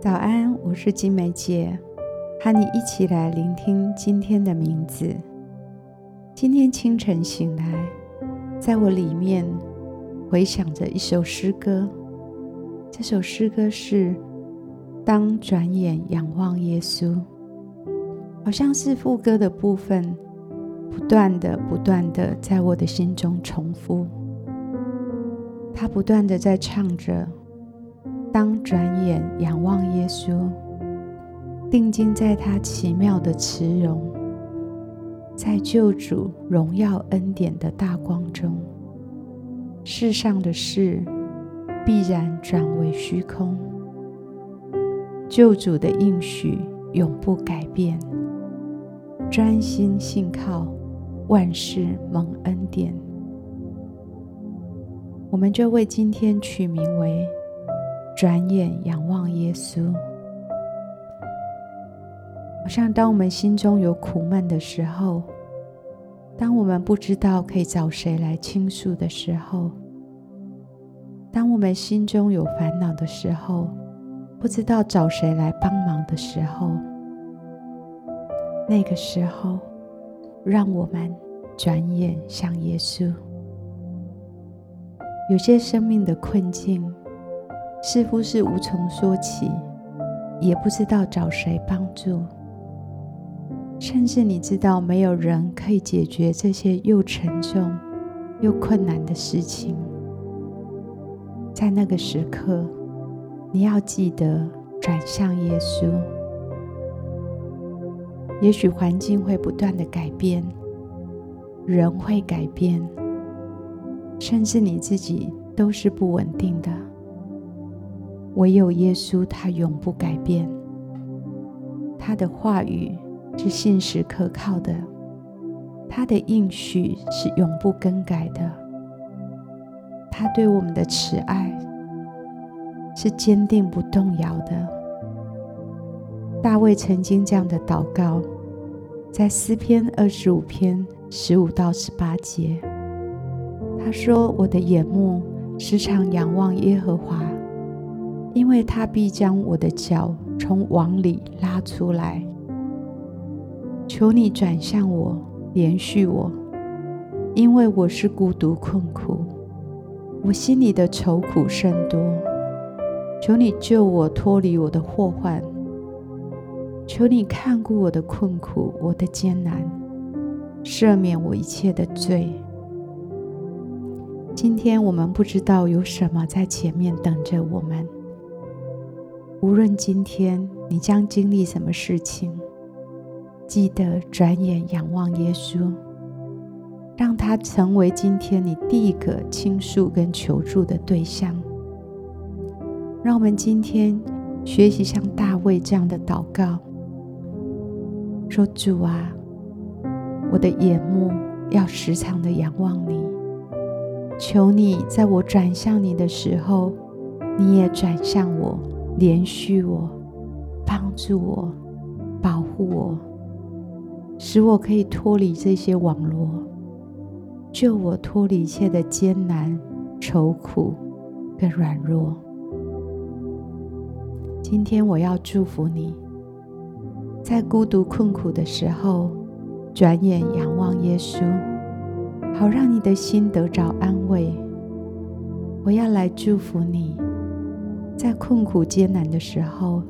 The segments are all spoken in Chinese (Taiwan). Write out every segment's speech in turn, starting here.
早安，我是晶玫姊，和你一起來聆聽今天的名字。今天清晨醒來，在我裡面回想着一首詩歌。這首詩歌是“當轉眼仰望耶穌”，好像是副歌的部分，不斷的、不斷的在我的心中重複。它不斷的在唱着。當轉眼仰望耶穌，定睛在他奇妙的慈容，在救主榮耀恩典的大光中，世上的事必然轉為虛空，救主的應許永不改變，專心信靠，萬事蒙恩典。我們就為今天取名為。轉眼仰望耶穌，好像當我們心中有苦悶的時候，當我們不知道可以找誰來傾訴的時候，當我們心中有煩惱的時候，不知道找誰來幫忙的時候，那個時候，讓我們轉眼向耶穌。有些生命的困境。似乎是無從說起，也不知道找誰幫助，甚至你知道沒有人可以解決這些又沉重又困難的事情。在那個時刻，你要記得轉向耶穌。也許環境會不斷的改變，人會改變，甚至你自己都是不穩定的。唯有耶穌，他永不改變。他的話語是信實可靠的，他的應許是永不更改的，他對我們的慈愛是堅定不動搖的。大衛曾經這樣的禱告，在詩篇二十五篇十五到十八節，他說：“我的眼目時常仰望耶和華。”因為他必將我的腳從網裡拉出來。求你轉向我，憐恤我，因為我是孤獨困苦，我心裡的愁苦甚多。求你救我脫離我的禍患，求你看顧我的困苦，我的艱難，赦免我一切的罪。今天我們不知道有什麼在前面等着我們。無論今天你將經歷什麼事情，記得轉眼仰望耶穌，讓他成為今天你第一個傾訴跟求助的對象。讓我們今天學習像大衛這樣的禱告，說：“主啊，我的眼目要時常的仰望你，求你在我轉向你的時候，你也轉向我。”憐恤我，幫助我，保護我，使我可以脫離這些網羅，救我脫離一切的艱難、愁苦跟軟弱。今天我要祝福你，在孤獨困苦的時候，轉眼仰望耶穌，好讓你的心得着安慰。我要來祝福你。在困苦艱難的時候，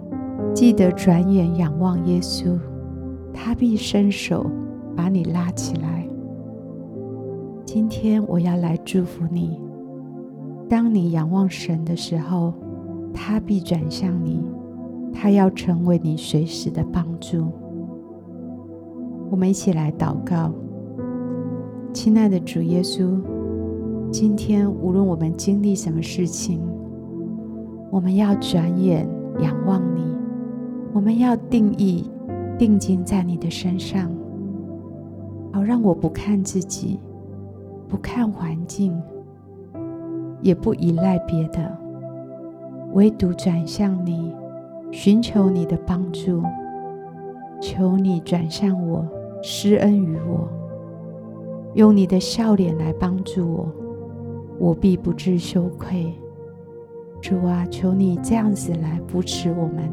記得轉眼仰望耶穌，他必伸手把你拉起來。今天我要來祝福你。當你仰望神的時候，他必轉向你，他要成為你隨時的幫助。我們一起來禱告，親愛的主耶穌，今天無論我們經歷什麼事情，我們要轉眼仰望你，我們要定意定睛在你的身上，好讓我不看自己，不看環境，也不依賴別的，唯獨轉向你，尋求你的幫助，求你轉向我，施恩於我，用你的笑臉來幫助我，我必不至羞愧。主啊，求你這樣子來扶持我們，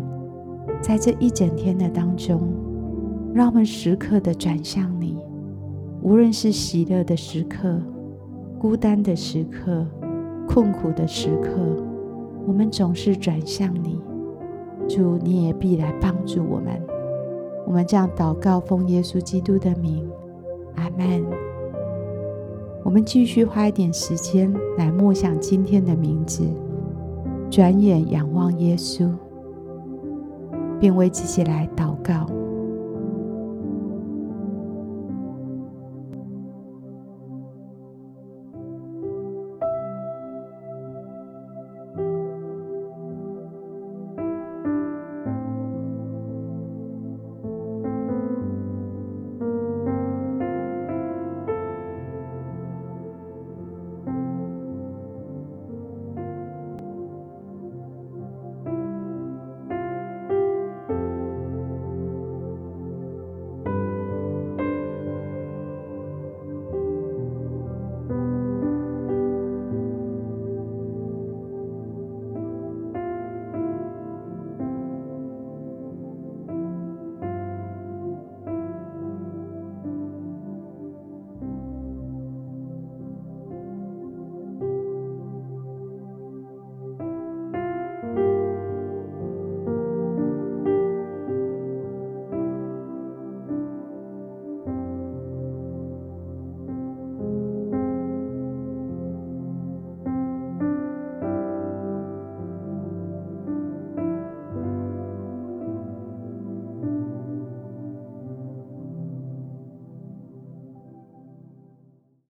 在這一整天的當中，讓我們時刻的轉向你。無論是喜樂的時刻、孤單的時刻、困苦的時刻，我們總是轉向你。主，你也必來幫助我們。我們這樣禱告，奉耶穌基督的名，阿門。我們繼續花一點時間來默想今天的名字。轉眼仰望耶穌，並為自己來禱告。